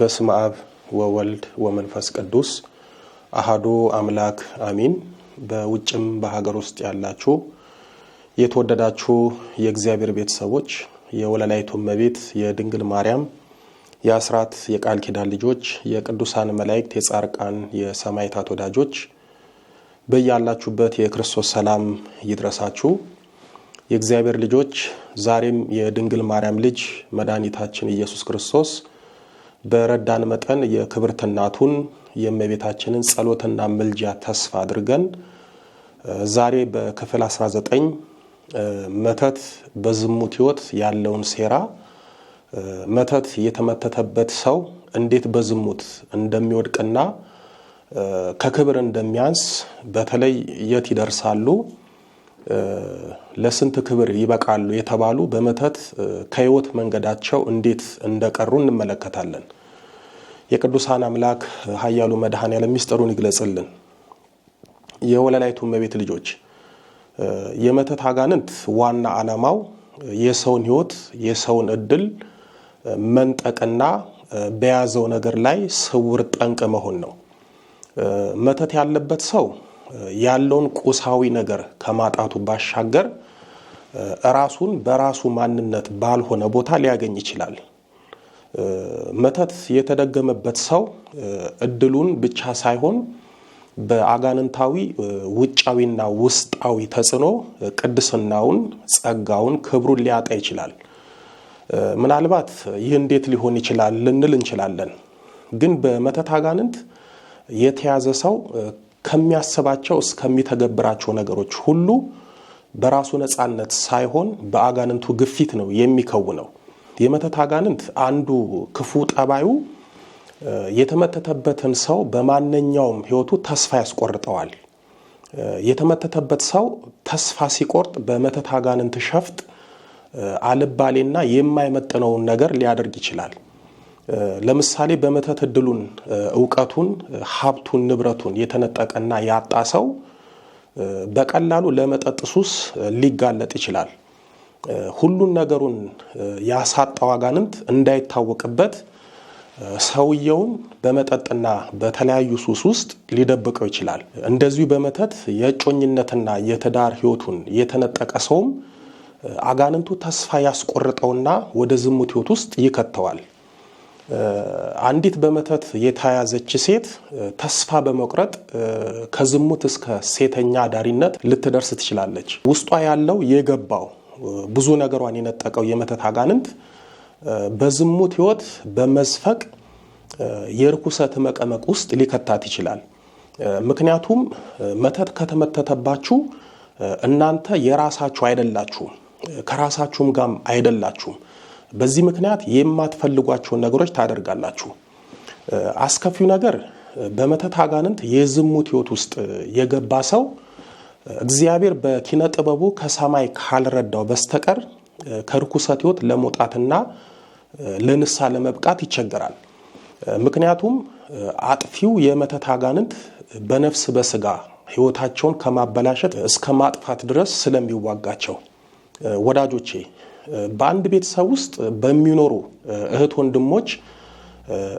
በስመ አብ ወወልድ ወመንፈስ ቅዱስ አሃዱ አምላክ አሚን። በውጭም በሀገር ውስጥ ያላችሁ የተወደዳችሁ የእግዚአብሔር ቤተሰቦች፣ የወለላይቱ እመቤት የድንግል ማርያም የአስራት የቃል ኪዳን ልጆች፣ የቅዱሳን መላእክት፣ የጻርቃን የሰማይታት ወዳጆች በያላችሁበት የክርስቶስ ሰላም ይድረሳችሁ። የእግዚአብሔር ልጆች ዛሬም የድንግል ማርያም ልጅ መድኃኒታችን ኢየሱስ ክርስቶስ በረዳን መጠን የክብርት እናቱን የእመቤታችንን ጸሎትና ምልጃ ተስፋ አድርገን ዛሬ በክፍል 19 መተት በዝሙት ሕይወት ያለውን ሴራ መተት የተመተተበት ሰው እንዴት በዝሙት እንደሚወድቅና ከክብር እንደሚያንስ በተለይ የት ይደርሳሉ፣ ለስንት ክብር ይበቃሉ የተባሉ በመተት ከህይወት መንገዳቸው እንዴት እንደቀሩ እንመለከታለን። የቅዱሳን አምላክ ኃያሉ መድኃኔዓለም ሚስጥሩን ይግለጽልን። የወለላይቱ እመቤት ልጆች የመተት አጋንንት ዋና ዓላማው የሰውን ሕይወት የሰውን እድል መንጠቅና በያዘው ነገር ላይ ስውር ጠንቅ መሆን ነው። መተት ያለበት ሰው ያለውን ቁሳዊ ነገር ከማጣቱ ባሻገር ራሱን በራሱ ማንነት ባልሆነ ቦታ ሊያገኝ ይችላል። መተት የተደገመበት ሰው እድሉን ብቻ ሳይሆን በአጋንንታዊ ውጫዊና ውስጣዊ ተጽዕኖ ቅድስናውን፣ ጸጋውን፣ ክብሩን ሊያጣ ይችላል። ምናልባት ይህ እንዴት ሊሆን ይችላል ልንል እንችላለን። ግን በመተት አጋንንት የተያዘ ሰው ከሚያስባቸው እስከሚተገብራቸው ነገሮች ሁሉ በራሱ ነፃነት ሳይሆን በአጋንንቱ ግፊት ነው የሚከውነው። የመተት አጋንንት አንዱ ክፉ ጠባዩ የተመተተበትን ሰው በማንኛውም ህይወቱ ተስፋ ያስቆርጠዋል። የተመተተበት ሰው ተስፋ ሲቆርጥ በመተት አጋንንት ሸፍጥ አልባሌና የማይመጥነውን ነገር ሊያደርግ ይችላል። ለምሳሌ በመተት እድሉን፣ እውቀቱን፣ ሀብቱን፣ ንብረቱን የተነጠቀና ያጣ ሰው በቀላሉ ለመጠጥ ሱስ ሊጋለጥ ይችላል። ሁሉን ነገሩን ያሳጣው አጋንንት እንዳይታወቅበት ሰውየውን በመጠጥና በተለያዩ ሱስ ውስጥ ሊደብቀው ይችላል። እንደዚሁ በመተት የእጮኝነትና የትዳር ህይወቱን የተነጠቀ ሰውም አጋንንቱ ተስፋ ያስቆርጠውና ወደ ዝሙት ህይወት ውስጥ ይከተዋል። አንዲት በመተት የተያዘች ሴት ተስፋ በመቁረጥ ከዝሙት እስከ ሴተኛ አዳሪነት ልትደርስ ትችላለች። ውስጧ ያለው የገባው ብዙ ነገሯን የነጠቀው የመተት አጋንንት በዝሙት ህይወት በመዝፈቅ የርኩሰት መቀመቅ ውስጥ ሊከታት ይችላል። ምክንያቱም መተት ከተመተተባችሁ እናንተ የራሳችሁ አይደላችሁም፣ ከራሳችሁም ጋም አይደላችሁም። በዚህ ምክንያት የማትፈልጓቸውን ነገሮች ታደርጋላችሁ። አስከፊው ነገር በመተት አጋንንት የዝሙት ህይወት ውስጥ የገባ ሰው እግዚአብሔር በኪነ ጥበቡ ከሰማይ ካልረዳው በስተቀር ከርኩሰት ህይወት ለመውጣትና ለንሳ ለመብቃት ይቸገራል። ምክንያቱም አጥፊው የመተት አጋንንት በነፍስ በስጋ ህይወታቸውን ከማበላሸት እስከ ማጥፋት ድረስ ስለሚዋጋቸው ወዳጆቼ በአንድ ቤተሰብ ውስጥ በሚኖሩ እህት ወንድሞች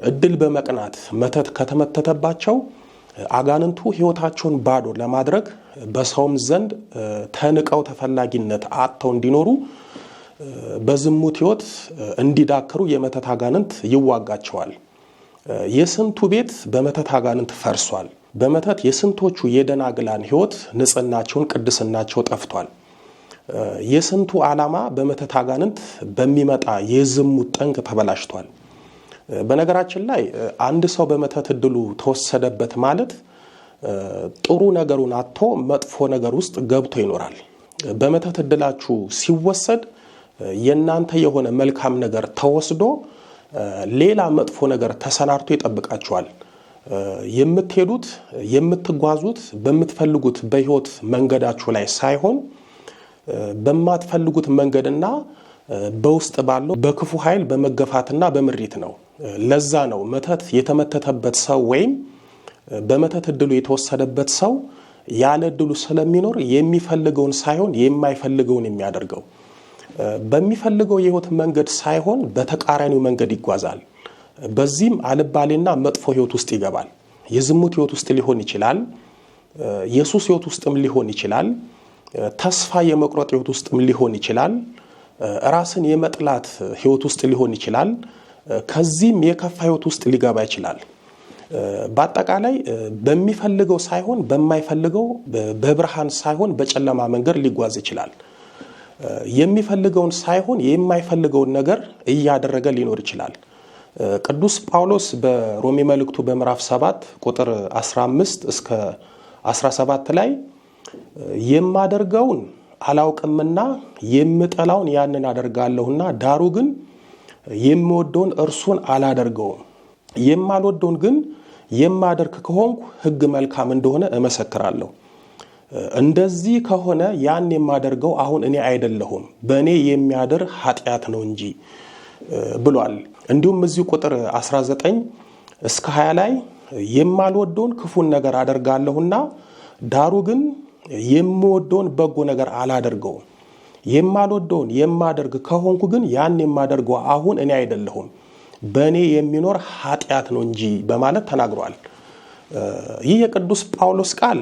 እድል በመቅናት መተት ከተመተተባቸው አጋንንቱ ህይወታቸውን ባዶ ለማድረግ በሰውም ዘንድ ተንቀው ተፈላጊነት አጥተው እንዲኖሩ በዝሙት ህይወት እንዲዳክሩ የመተት አጋንንት ይዋጋቸዋል። የስንቱ ቤት በመተት አጋንንት ፈርሷል። በመተት የስንቶቹ የደናግላን ህይወት ንጽህናቸውን፣ ቅድስናቸው ጠፍቷል። የስንቱ ዓላማ በመተት አጋንንት በሚመጣ የዝሙት ጠንቅ ተበላሽቷል። በነገራችን ላይ አንድ ሰው በመተት እድሉ ተወሰደበት ማለት ጥሩ ነገሩን አጥቶ መጥፎ ነገር ውስጥ ገብቶ ይኖራል። በመተት እድላችሁ ሲወሰድ የእናንተ የሆነ መልካም ነገር ተወስዶ ሌላ መጥፎ ነገር ተሰናድቶ ይጠብቃችኋል። የምትሄዱት የምትጓዙት በምትፈልጉት በህይወት መንገዳችሁ ላይ ሳይሆን በማትፈልጉት መንገድና በውስጥ ባለው በክፉ ኃይል በመገፋትና በምሪት ነው። ለዛ ነው መተት የተመተተበት ሰው ወይም በመተት እድሉ የተወሰደበት ሰው ያለ እድሉ ስለሚኖር የሚፈልገውን ሳይሆን የማይፈልገውን የሚያደርገው በሚፈልገው የህይወት መንገድ ሳይሆን በተቃራኒው መንገድ ይጓዛል። በዚህም አልባሌና መጥፎ ህይወት ውስጥ ይገባል። የዝሙት ህይወት ውስጥ ሊሆን ይችላል። የሱስ ህይወት ውስጥም ሊሆን ይችላል። ተስፋ የመቁረጥ ህይወት ውስጥም ሊሆን ይችላል። ራስን የመጥላት ህይወት ውስጥ ሊሆን ይችላል። ከዚህም የከፋ ህይወት ውስጥ ሊገባ ይችላል። በአጠቃላይ በሚፈልገው ሳይሆን በማይፈልገው በብርሃን ሳይሆን በጨለማ መንገድ ሊጓዝ ይችላል። የሚፈልገውን ሳይሆን የማይፈልገውን ነገር እያደረገ ሊኖር ይችላል። ቅዱስ ጳውሎስ በሮሜ መልእክቱ በምዕራፍ 7 ቁጥር 15 እስከ 17 ላይ የማደርገውን አላውቅምና የምጠላውን ያንን አደርጋለሁና ዳሩ ግን የምወደውን እርሱን አላደርገውም፣ የማልወደውን ግን የማደርግ ከሆንኩ ሕግ መልካም እንደሆነ እመሰክራለሁ። እንደዚህ ከሆነ ያን የማደርገው አሁን እኔ አይደለሁም በእኔ የሚያድር ኃጢአት ነው እንጂ ብሏል። እንዲሁም እዚህ ቁጥር 19 እስከ 20 ላይ የማልወደውን ክፉን ነገር አደርጋለሁና ዳሩ ግን የምወደውን በጎ ነገር አላደርገውም የማልወደውን የማደርግ ከሆንኩ ግን ያን የማደርገው አሁን እኔ አይደለሁም በእኔ የሚኖር ኃጢአት ነው እንጂ በማለት ተናግሯል። ይህ የቅዱስ ጳውሎስ ቃል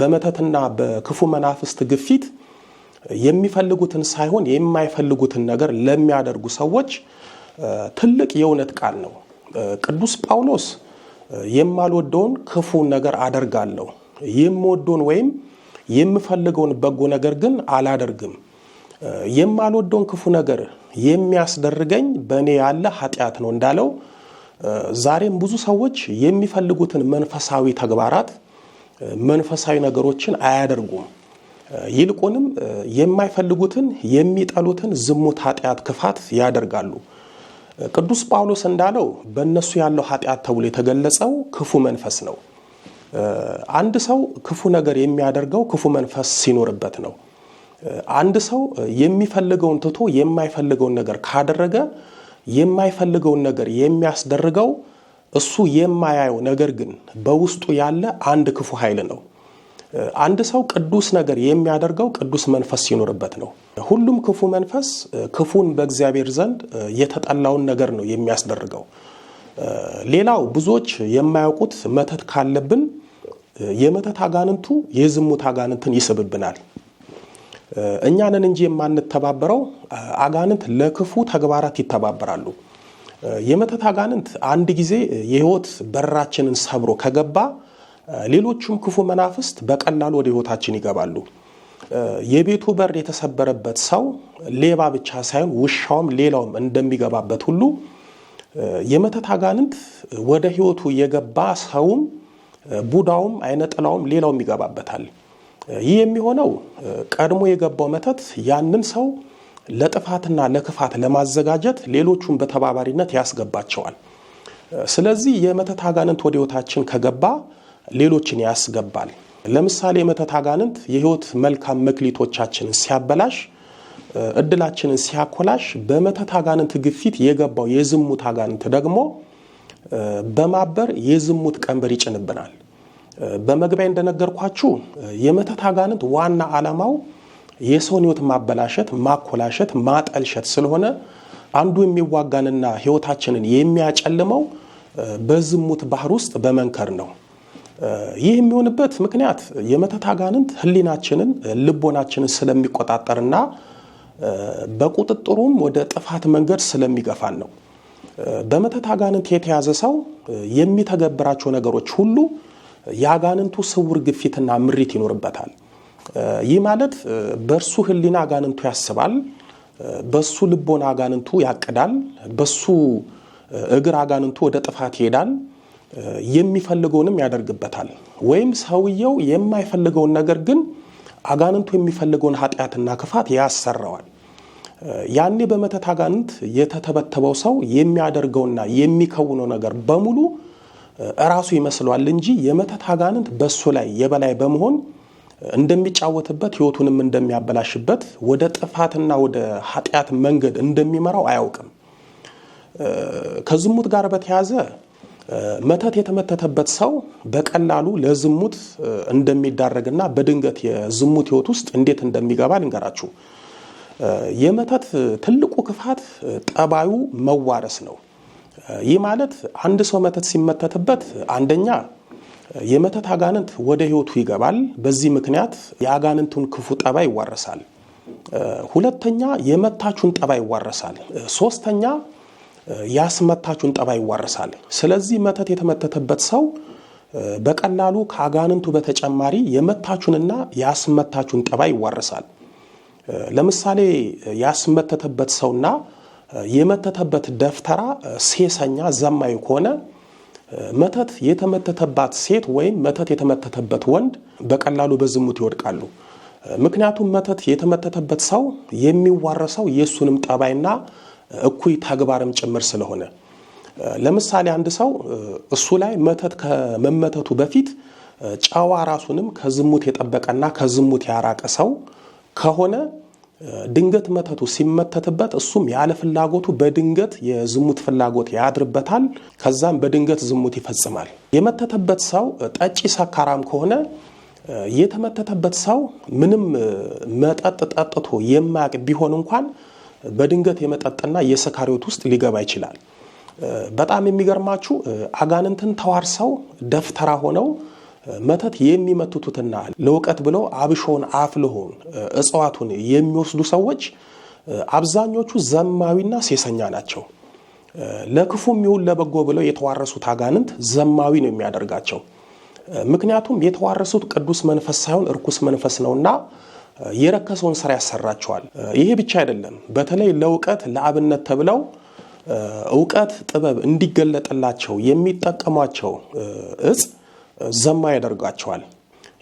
በመተትና በክፉ መናፍስት ግፊት የሚፈልጉትን ሳይሆን የማይፈልጉትን ነገር ለሚያደርጉ ሰዎች ትልቅ የእውነት ቃል ነው። ቅዱስ ጳውሎስ የማልወደውን ክፉ ነገር አደርጋለሁ፣ የምወደውን ወይም የምፈልገውን በጎ ነገር ግን አላደርግም የማልወደውን ክፉ ነገር የሚያስደርገኝ በእኔ ያለ ኃጢአት ነው እንዳለው ዛሬም ብዙ ሰዎች የሚፈልጉትን መንፈሳዊ ተግባራት መንፈሳዊ ነገሮችን አያደርጉም። ይልቁንም የማይፈልጉትን የሚጠሉትን ዝሙት፣ ኃጢአት፣ ክፋት ያደርጋሉ። ቅዱስ ጳውሎስ እንዳለው በእነሱ ያለው ኃጢአት ተብሎ የተገለጸው ክፉ መንፈስ ነው። አንድ ሰው ክፉ ነገር የሚያደርገው ክፉ መንፈስ ሲኖርበት ነው። አንድ ሰው የሚፈልገውን ትቶ የማይፈልገውን ነገር ካደረገ የማይፈልገውን ነገር የሚያስደርገው እሱ የማያየው ነገር ግን በውስጡ ያለ አንድ ክፉ ኃይል ነው። አንድ ሰው ቅዱስ ነገር የሚያደርገው ቅዱስ መንፈስ ሲኖርበት ነው። ሁሉም ክፉ መንፈስ ክፉን በእግዚአብሔር ዘንድ የተጠላውን ነገር ነው የሚያስደርገው። ሌላው ብዙዎች የማያውቁት መተት ካለብን የመተት አጋንንቱ የዝሙት አጋንንትን ይስብብናል። እኛንን እንጂ የማንተባበረው አጋንንት ለክፉ ተግባራት ይተባበራሉ። የመተት አጋንንት አንድ ጊዜ የህይወት በራችንን ሰብሮ ከገባ ሌሎቹም ክፉ መናፍስት በቀላሉ ወደ ህይወታችን ይገባሉ። የቤቱ በር የተሰበረበት ሰው ሌባ ብቻ ሳይሆን ውሻውም ሌላውም እንደሚገባበት ሁሉ የመተት አጋንንት ወደ ህይወቱ የገባ ሰውም ቡዳውም አይነጥላውም ሌላውም ይገባበታል። ይህ የሚሆነው ቀድሞ የገባው መተት ያንን ሰው ለጥፋትና ለክፋት ለማዘጋጀት ሌሎቹን በተባባሪነት ያስገባቸዋል። ስለዚህ የመተት አጋንንት ወደ ከገባ ሌሎችን ያስገባል። ለምሳሌ የመተት አጋንንት የህይወት መልካም መክሊቶቻችንን ሲያበላሽ፣ እድላችንን ሲያኮላሽ፣ በመተት አጋንንት ግፊት የገባው የዝሙት አጋንንት ደግሞ በማበር የዝሙት ቀንበር ይጭንብናል። በመግቢያ እንደነገርኳችሁ የመተት አጋንንት ዋና ዓላማው የሰውን ሕይወት ማበላሸት፣ ማኮላሸት፣ ማጠልሸት ስለሆነ አንዱ የሚዋጋንና ህይወታችንን የሚያጨልመው በዝሙት ባህር ውስጥ በመንከር ነው። ይህ የሚሆንበት ምክንያት የመተት አጋንንት ህሊናችንን ልቦናችንን ስለሚቆጣጠርና በቁጥጥሩም ወደ ጥፋት መንገድ ስለሚገፋን ነው። በመተት አጋንንት የተያዘ ሰው የሚተገብራቸው ነገሮች ሁሉ የአጋንንቱ ስውር ግፊትና ምሪት ይኖርበታል። ይህ ማለት በእርሱ ህሊና አጋንንቱ ያስባል፣ በሱ ልቦና አጋንንቱ ያቅዳል፣ በሱ እግር አጋንንቱ ወደ ጥፋት ይሄዳል፣ የሚፈልገውንም ያደርግበታል። ወይም ሰውየው የማይፈልገውን ነገር ግን አጋንንቱ የሚፈልገውን ኃጢአትና ክፋት ያሰራዋል። ያኔ በመተት አጋንንት የተተበተበው ሰው የሚያደርገውና የሚከውነው ነገር በሙሉ እራሱ ይመስለዋል እንጂ የመተት አጋንንት በእሱ ላይ የበላይ በመሆን እንደሚጫወትበት ህይወቱንም እንደሚያበላሽበት ወደ ጥፋትና ወደ ኃጢአት መንገድ እንደሚመራው አያውቅም። ከዝሙት ጋር በተያዘ መተት የተመተተበት ሰው በቀላሉ ለዝሙት እንደሚዳረግና በድንገት የዝሙት ህይወት ውስጥ እንዴት እንደሚገባ ልንገራችሁ። የመተት ትልቁ ክፋት ጠባዩ መዋረስ ነው። ይህ ማለት አንድ ሰው መተት ሲመተትበት አንደኛ የመተት አጋንንት ወደ ህይወቱ ይገባል። በዚህ ምክንያት የአጋንንቱን ክፉ ጠባይ ይዋረሳል። ሁለተኛ የመታቹን ጠባይ ይዋረሳል። ሶስተኛ ያስመታቹን ጠባይ ይዋረሳል። ስለዚህ መተት የተመተተበት ሰው በቀላሉ ከአጋንንቱ በተጨማሪ የመታቹንና ያስመታቹን ጠባይ ይዋረሳል። ለምሳሌ ያስመተተበት ሰውና የመተተበት ደፍተራ ሴሰኛ ዘማኝ ከሆነ መተት የተመተተባት ሴት ወይም መተት የተመተተበት ወንድ በቀላሉ በዝሙት ይወድቃሉ። ምክንያቱም መተት የተመተተበት ሰው የሚዋረሰው የእሱንም ጠባይና እኩይ ተግባርም ጭምር ስለሆነ ለምሳሌ አንድ ሰው እሱ ላይ መተት ከመመተቱ በፊት ጨዋ ራሱንም ከዝሙት የጠበቀና ከዝሙት ያራቀ ሰው ከሆነ ድንገት መተቱ ሲመተትበት እሱም ያለ ፍላጎቱ በድንገት የዝሙት ፍላጎት ያድርበታል። ከዛም በድንገት ዝሙት ይፈጽማል። የመተተበት ሰው ጠጪ ሰካራም ከሆነ የተመተተበት ሰው ምንም መጠጥ ጠጥቶ የማያቅ ቢሆን እንኳን በድንገት የመጠጥና የሰካሪዎት ውስጥ ሊገባ ይችላል። በጣም የሚገርማችሁ አጋንንትን ተዋርሰው ደፍተራ ሆነው መተት የሚመትቱትና ለውቀት ብለው አብሾን አፍልሆን እጽዋቱን የሚወስዱ ሰዎች አብዛኞቹ ዘማዊና ሴሰኛ ናቸው። ለክፉ የሚውል ለበጎ ብለው የተዋረሱት አጋንንት ዘማዊ ነው የሚያደርጋቸው። ምክንያቱም የተዋረሱት ቅዱስ መንፈስ ሳይሆን እርኩስ መንፈስ ነውና የረከሰውን ስራ ያሰራቸዋል። ይሄ ብቻ አይደለም። በተለይ ለእውቀት ለአብነት ተብለው እውቀት ጥበብ እንዲገለጥላቸው የሚጠቀሟቸው እጽ ዘማ ያደርጋቸዋል።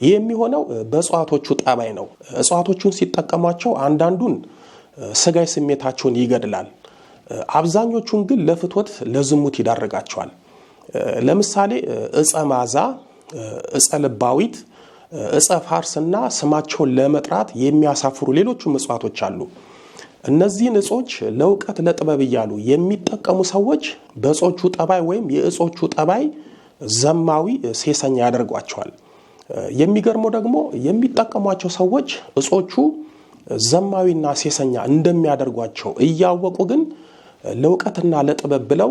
ይህ የሚሆነው በእጽዋቶቹ ጠባይ ነው። እጽዋቶቹን ሲጠቀሟቸው አንዳንዱን ስጋይ ስሜታቸውን ይገድላል። አብዛኞቹን ግን ለፍትወት ለዝሙት ይዳርጋቸዋል። ለምሳሌ እጸ ማዛ፣ እጸ ልባዊት፣ እጸ ፋርስና ስማቸውን ለመጥራት የሚያሳፍሩ ሌሎቹም እጽዋቶች አሉ። እነዚህን እጾች ለእውቀት ለጥበብ እያሉ የሚጠቀሙ ሰዎች በእጾቹ ጠባይ ወይም የእጾቹ ጠባይ ዘማዊ ሴሰኛ ያደርጓቸዋል። የሚገርመው ደግሞ የሚጠቀሟቸው ሰዎች እጾቹ ዘማዊና ሴሰኛ እንደሚያደርጓቸው እያወቁ ግን ለእውቀትና ለጥበብ ብለው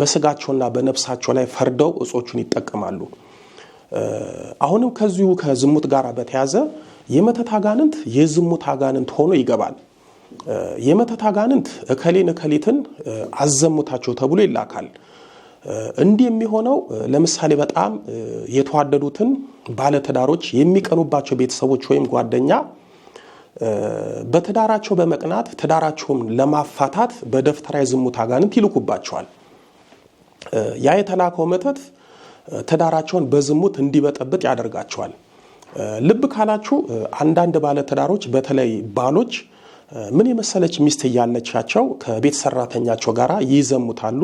በስጋቸውና በነፍሳቸው ላይ ፈርደው እጾቹን ይጠቀማሉ። አሁንም ከዚሁ ከዝሙት ጋር በተያዘ የመተት አጋንንት የዝሙት አጋንንት ሆኖ ይገባል። የመተት አጋንንት እከሌን እከሊትን አዘሙታቸው ተብሎ ይላካል። እንዲህ የሚሆነው ለምሳሌ በጣም የተዋደዱትን ባለትዳሮች የሚቀኑባቸው ቤተሰቦች ወይም ጓደኛ በትዳራቸው በመቅናት ትዳራቸውን ለማፋታት በደፍተራ የዝሙት አጋንንት ይልኩባቸዋል። ያ የተላከው መተት ትዳራቸውን በዝሙት እንዲበጠብጥ ያደርጋቸዋል። ልብ ካላችሁ አንዳንድ ባለትዳሮች በተለይ ባሎች ምን የመሰለች ሚስት እያለቻቸው ከቤት ሰራተኛቸው ጋር ይዘሙታሉ።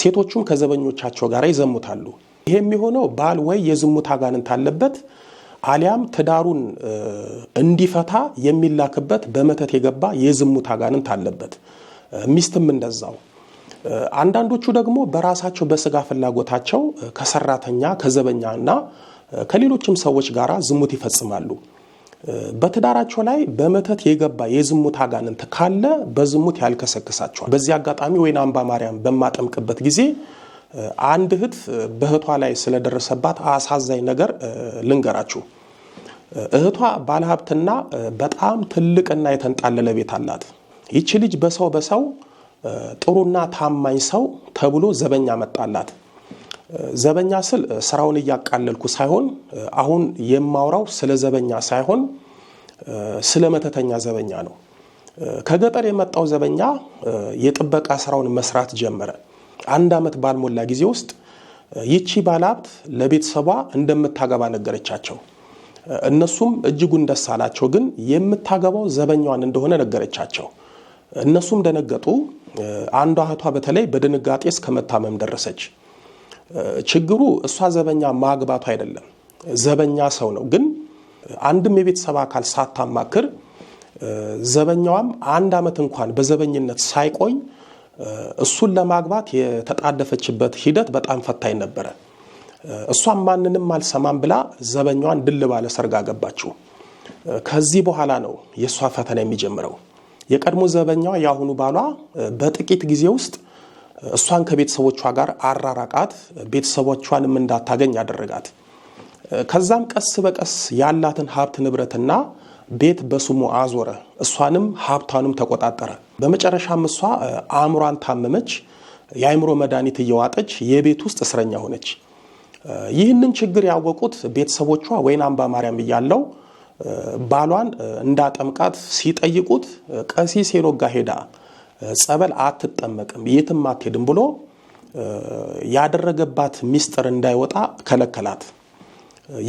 ሴቶቹም ከዘበኞቻቸው ጋር ይዘሙታሉ። ይሄ የሚሆነው ባል ወይ የዝሙት አጋንንት አለበት አሊያም ትዳሩን እንዲፈታ የሚላክበት በመተት የገባ የዝሙት አጋንንት አለበት። ሚስትም እንደዛው። አንዳንዶቹ ደግሞ በራሳቸው በስጋ ፍላጎታቸው ከሰራተኛ ከዘበኛ እና ከሌሎችም ሰዎች ጋር ዝሙት ይፈጽማሉ። በትዳራቸው ላይ በመተት የገባ የዝሙት አጋንንት ካለ በዝሙት ያልከሰክሳቸዋል። በዚህ አጋጣሚ ወይን አምባ ማርያም በማጠምቅበት ጊዜ አንድ እህት በእህቷ ላይ ስለደረሰባት አሳዛኝ ነገር ልንገራችሁ። እህቷ ባለሀብትና በጣም ትልቅና የተንጣለለ ቤት አላት። ይቺ ልጅ በሰው በሰው ጥሩና ታማኝ ሰው ተብሎ ዘበኛ መጣላት። ዘበኛ ስል ስራውን እያቃለልኩ ሳይሆን አሁን የማውራው ስለ ዘበኛ ሳይሆን ስለ መተተኛ ዘበኛ ነው። ከገጠር የመጣው ዘበኛ የጥበቃ ስራውን መስራት ጀመረ። አንድ ዓመት ባልሞላ ጊዜ ውስጥ ይቺ ባለሀብት ለቤተሰቧ እንደምታገባ ነገረቻቸው። እነሱም እጅጉን ደስ አላቸው። ግን የምታገባው ዘበኛዋን እንደሆነ ነገረቻቸው። እነሱም ደነገጡ። አንዷ እህቷ በተለይ በድንጋጤ እስከ መታመም ደረሰች። ችግሩ እሷ ዘበኛ ማግባቱ አይደለም። ዘበኛ ሰው ነው፣ ግን አንድም የቤተሰብ አካል ሳታማክር ዘበኛዋም አንድ ዓመት እንኳን በዘበኝነት ሳይቆይ እሱን ለማግባት የተጣደፈችበት ሂደት በጣም ፈታኝ ነበረ። እሷም ማንንም አልሰማም ብላ ዘበኛዋን ድል ባለ ሰርግ አገባችው። ከዚህ በኋላ ነው የእሷ ፈተና የሚጀምረው። የቀድሞ ዘበኛዋ የአሁኑ ባሏ በጥቂት ጊዜ ውስጥ እሷን ከቤተሰቦቿ ጋር አራራቃት፣ ቤተሰቦቿንም እንዳታገኝ አደረጋት። ከዛም ቀስ በቀስ ያላትን ሀብት ንብረትና ቤት በስሙ አዞረ። እሷንም ሀብቷንም ተቆጣጠረ። በመጨረሻም እሷ አእምሯን ታመመች። የአእምሮ መድኃኒት እየዋጠች የቤት ውስጥ እስረኛ ሆነች። ይህንን ችግር ያወቁት ቤተሰቦቿ ወይን አምባ ማርያም እያለው ባሏን እንዳጠምቃት ሲጠይቁት ቀሲስ ሄኖክ ሄዳ ጸበል አትጠመቅም፣ የትም አትሄድም ብሎ ያደረገባት ሚስጥር እንዳይወጣ ከለከላት።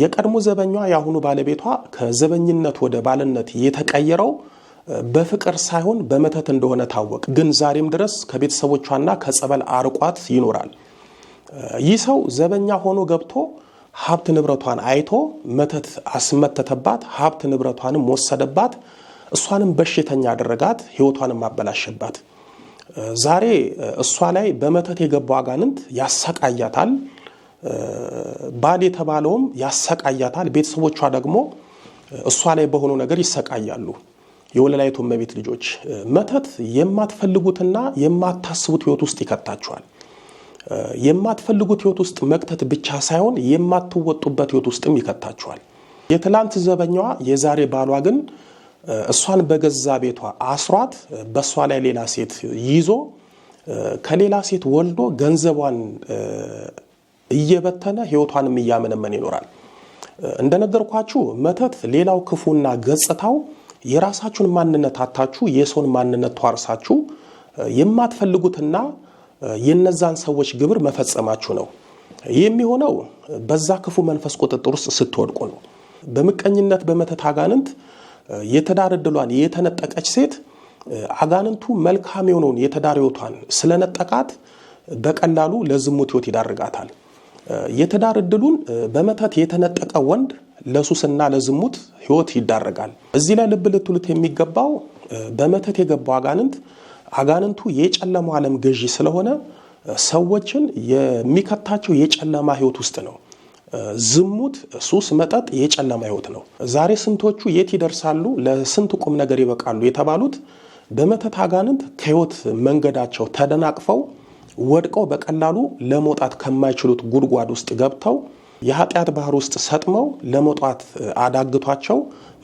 የቀድሞ ዘበኛ የአሁኑ ባለቤቷ ከዘበኝነት ወደ ባልነት የተቀየረው በፍቅር ሳይሆን በመተት እንደሆነ ታወቅ ግን ዛሬም ድረስ ከቤተሰቦቿና ከጸበል አርቋት ይኖራል። ይህ ሰው ዘበኛ ሆኖ ገብቶ ሀብት ንብረቷን አይቶ መተት አስመተተባት፣ ሀብት ንብረቷንም ወሰደባት። እሷንም በሽተኛ አደረጋት፣ ህይወቷንም አበላሸባት። ዛሬ እሷ ላይ በመተት የገባው አጋንንት ያሰቃያታል፣ ባል የተባለውም ያሰቃያታል። ቤተሰቦቿ ደግሞ እሷ ላይ በሆኑ ነገር ይሰቃያሉ። የወለላይቱ እመቤት ልጆች መተት የማትፈልጉትና የማታስቡት ህይወት ውስጥ ይከታችኋል። የማትፈልጉት ህይወት ውስጥ መክተት ብቻ ሳይሆን የማትወጡበት ህይወት ውስጥም ይከታችኋል። የትላንት ዘበኛዋ የዛሬ ባሏ ግን እሷን በገዛ ቤቷ አስሯት በእሷ ላይ ሌላ ሴት ይዞ ከሌላ ሴት ወልዶ ገንዘቧን እየበተነ ህይወቷንም እያመነመን ይኖራል። እንደነገርኳችሁ መተት ሌላው ክፉና ገጽታው የራሳችሁን ማንነት አታችሁ የሰውን ማንነት ተዋርሳችሁ የማትፈልጉትና የነዛን ሰዎች ግብር መፈጸማችሁ ነው። የሚሆነው በዛ ክፉ መንፈስ ቁጥጥር ውስጥ ስትወድቁ ነው። በምቀኝነት በመተት አጋንንት የትዳር እድሏን የተነጠቀች ሴት አጋንንቱ መልካም የሆነውን የትዳር ህይወቷን ስለነጠቃት በቀላሉ ለዝሙት ህይወት ይዳርጋታል። የትዳር እድሉን በመተት የተነጠቀ ወንድ ለሱስና ለዝሙት ህይወት ይዳረጋል። እዚህ ላይ ልብ ልትሉት የሚገባው በመተት የገባው አጋንንት አጋንንቱ የጨለማው ዓለም ገዢ ስለሆነ ሰዎችን የሚከታቸው የጨለማ ህይወት ውስጥ ነው። ዝሙት፣ ሱስ፣ መጠጥ የጨለማ ህይወት ነው። ዛሬ ስንቶቹ የት ይደርሳሉ፣ ለስንት ቁም ነገር ይበቃሉ የተባሉት በመተት አጋንንት ከህይወት መንገዳቸው ተደናቅፈው ወድቀው በቀላሉ ለመውጣት ከማይችሉት ጉድጓድ ውስጥ ገብተው የኃጢአት ባህር ውስጥ ሰጥመው ለመውጣት አዳግቷቸው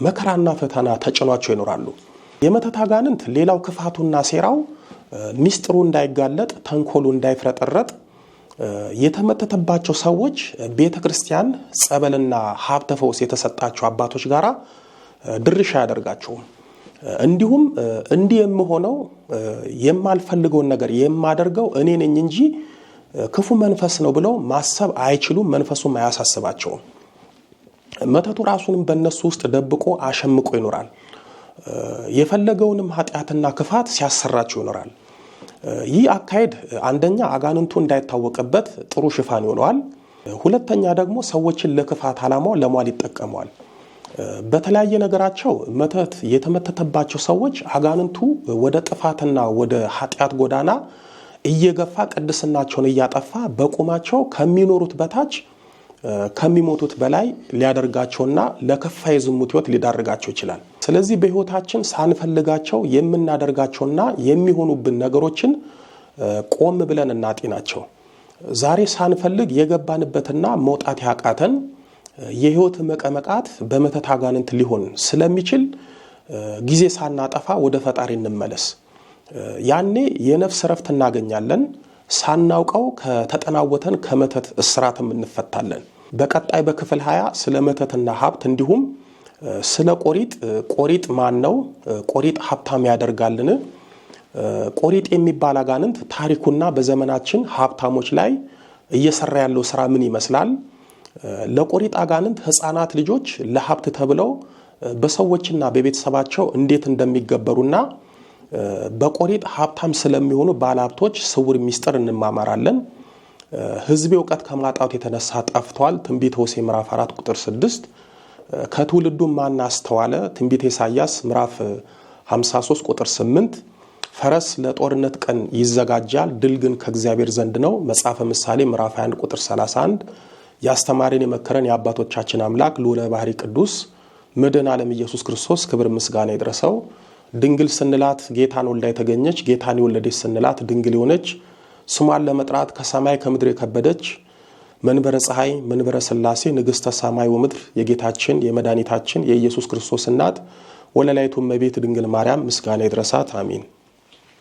መከራና ፈተና ተጭኗቸው ይኖራሉ። የመተት አጋንንት ሌላው ክፋቱና ሴራው ሚስጥሩ እንዳይጋለጥ፣ ተንኮሉ እንዳይፍረጠረጥ የተመተተባቸው ሰዎች ቤተ ክርስቲያን ጸበልና ሀብተ ፈውስ የተሰጣቸው አባቶች ጋር ድርሻ አያደርጋቸውም። እንዲሁም እንዲህ የምሆነው የማልፈልገውን ነገር የማደርገው እኔ ነኝ እንጂ ክፉ መንፈስ ነው ብለው ማሰብ አይችሉም። መንፈሱም አያሳስባቸውም። መተቱ ራሱንም በእነሱ ውስጥ ደብቆ አሸምቆ ይኖራል። የፈለገውንም ኃጢአትና ክፋት ሲያሰራቸው ይኖራል። ይህ አካሄድ አንደኛ አጋንንቱ እንዳይታወቅበት ጥሩ ሽፋን ይሆነዋል። ሁለተኛ ደግሞ ሰዎችን ለክፋት ዓላማው ለሟል ይጠቀመዋል። በተለያየ ነገራቸው መተት የተመተተባቸው ሰዎች አጋንንቱ ወደ ጥፋትና ወደ ኃጢአት ጎዳና እየገፋ ቅድስናቸውን እያጠፋ በቁማቸው ከሚኖሩት በታች ከሚሞቱት በላይ ሊያደርጋቸውና ለከፋ የዝሙት ሕይወት ሊዳርጋቸው ይችላል። ስለዚህ በህይወታችን ሳንፈልጋቸው የምናደርጋቸውና የሚሆኑብን ነገሮችን ቆም ብለን እናጤናቸው። ዛሬ ሳንፈልግ የገባንበትና መውጣት ያቃተን የህይወት መቀመቃት በመተት አጋንንት ሊሆን ስለሚችል ጊዜ ሳናጠፋ ወደ ፈጣሪ እንመለስ። ያኔ የነፍስ እረፍት እናገኛለን። ሳናውቀው ከተጠናወተን ከመተት እስራትም እንፈታለን። በቀጣይ በክፍል 20 ስለ መተትና ሀብት እንዲሁም ስለ ቆሪጥ ቆሪጥ ማን ነው? ቆሪጥ ሀብታም ያደርጋልን? ቆሪጥ የሚባል አጋንንት ታሪኩና በዘመናችን ሀብታሞች ላይ እየሰራ ያለው ስራ ምን ይመስላል? ለቆሪጥ አጋንንት ህፃናት ልጆች ለሀብት ተብለው በሰዎችና በቤተሰባቸው እንዴት እንደሚገበሩና በቆሪጥ ሀብታም ስለሚሆኑ ባለሀብቶች ስውር ሚስጥር እንማማራለን። ህዝቤ እውቀት ከማጣት የተነሳ ጠፍቷል። ትንቢተ ሆሴዕ ምዕራፍ 4 ቁጥር 6 ከትውልዱ ማን አስተዋለ? ትንቢተ ኢሳይያስ ምዕራፍ 53 ቁጥር 8 ፈረስ ለጦርነት ቀን ይዘጋጃል፣ ድል ግን ከእግዚአብሔር ዘንድ ነው። መጽሐፈ ምሳሌ ምዕራፍ 21 ቁጥር 31 ያስተማሪን የመከረን የአባቶቻችን አምላክ ልዑለ ባህሪ ቅዱስ መድኃኔ ዓለም ኢየሱስ ክርስቶስ ክብር ምስጋና ይድረሰው። ድንግል ስንላት ጌታን ወልዳ የተገኘች ጌታን የወለደች ስንላት ድንግል የሆነች ስሟን ለመጥራት ከሰማይ ከምድር የከበደች መንበረ ፀሐይ መንበረ ሥላሴ ንግሥተ ሰማይ ወምድር የጌታችን የመድኃኒታችን የኢየሱስ ክርስቶስ እናት ወለላይቱ እመቤት ድንግል ማርያም ምስጋና ይድረሳት። አሚን።